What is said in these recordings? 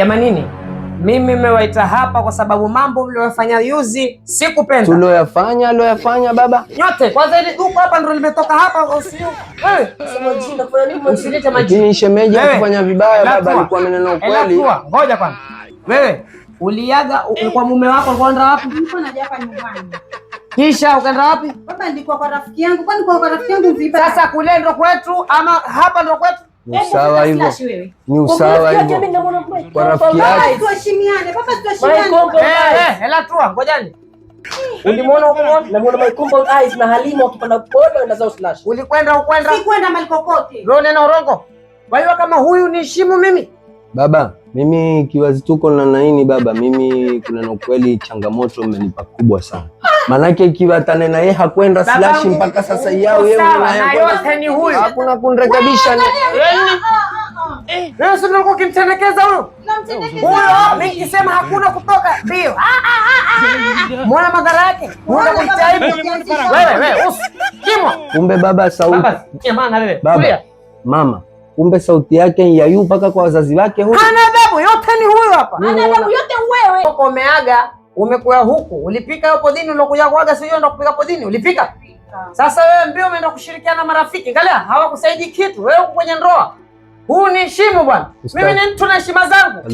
Jamanini, mimi nimewaita hapa kwa sababu mambo mliyofanya yuzi sikupenda. Tuloyafanya aloyafanya baba nyote, kwanza ile duka hapa ndio limetoka hapa, usio wewe shemeji kufanya vibaya. Baba alikuwa amenena ukweli. Ngoja kwanza, wewe uliaga eh! kwa mume wako, ulikuwa unaenda wapi? Nilikuwa naja hapa nyumbani. Kisha ukaenda wapi? Baba, nilikuwa kwa rafiki yangu. Kwani kwa rafiki yangu vipi? Sasa kule ndo kwetu ama hapa ndo kwetu? Ni yaani usawa hivyo, ni usawa hivyo kwa rafiki yake. Eh, eh, hela tu ngojani. Eh. Ulimwona huko na muona eyes na Halima boda na zao slash. Ulikwenda ukwenda? Sikwenda kokote. Roho urongo. Kwa hiyo kama huyu niheshimu mimi. Baba, mimi kiwazi na naini baba, mimi kuna na kweli changamoto mmenipa kubwa sana. Ah! Manake ikiwatana na yeye hakwenda slash mpaka sasa yao yeye na yote ni huyu. Hakuna kunrekebisha ni. Yaani, ah, ah, ah. Eh, na sasa ndio ukimtelekeza huyo. Huyo mimi nisema hakuna kutoka bio. Mwana madhara yake. Mwana mtaibu. Wewe wewe usi. Kimo. Kumbe baba sauti. Baba, maana wewe. Baba. Mama. Kumbe sauti yake ya yu mpaka kwa wazazi wake huyo. Hana babu yote ni huyo hapa. Hana babu yote wewe. Ukomeaga. Umekuya huku ulipika dini ulokuja kwaga sio ndo kupika dini ulipika. Sasa wewe mbio umeenda kushirikiana marafiki, angalia hawakusaidi kitu, wewe uko kwenye ndoa. Huu ni heshima bwana. Mimi ni mtu na heshima zangu.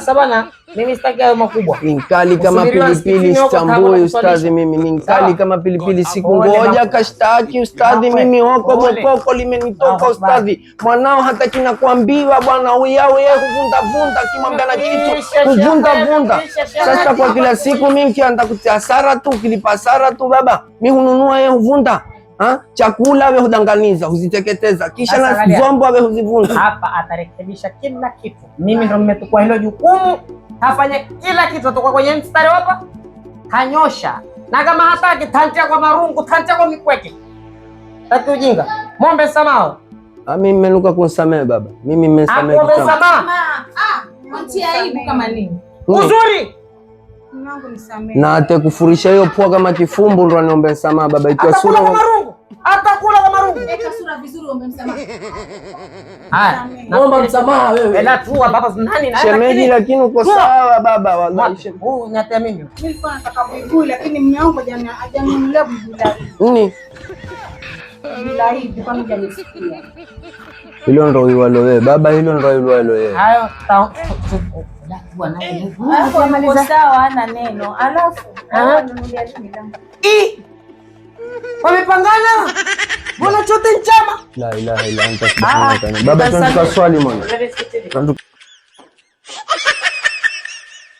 Sasa bwana mimi sitaki hayo makubwa. Ni nkali ah, kama pilipili, sitambui ah, ustadhi. Mimi ni nkali kama pilipili, siku ngoja kashtaki ustadhi. Mimi hoko mokoko limenitoka ah, ustadhi. Mwanao hata na kuambiwa bwana, uyawe yeye kuvunda kimwambia na kitu kuvunda Sasa kwa kila siku mimi kiandakutia hasara tu, kilipa hasara tu. Baba mimi hununua yeye huvunda Ha? Chakula we hudanganiza, huziteketeza, kisha na vyombo we huzivunja. Hapa atarekebisha kila kitu. Mimi ndo nimetukua hilo jukumu. Kafanya kila kitu, atoka kwenye mstari hapa kanyosha, na kama hataki tantia kwa marungu, tantia kwa mikweke, taki ujinga, mombe samao. Ah, mimi mmenuka kunsamehe baba, mimi mmesamehe ah, ah, uzuri na kufurisha hiyo pua kama kifumbu, ndo aniombe samaha baba, ikiwa sura atakula kama rungu. Weka sura vizuri, omba msamaha. Haya, naomba msamaha wewe. Ela tu baba nani na shemeji, lakini uko sawa baba, wallahi huyu nyata mimi. Nilikuwa nataka buibui lakini mume wangu jana hajaninunulia buibui Nini? Bila kwa kama hajanifikia. Hilo ndo iwalo wewe baba, hilo ndo iwalo wewe. Hayo sawa, ana neno. Alafu, Wamepangana en chama! La la, la, la, Baba, swali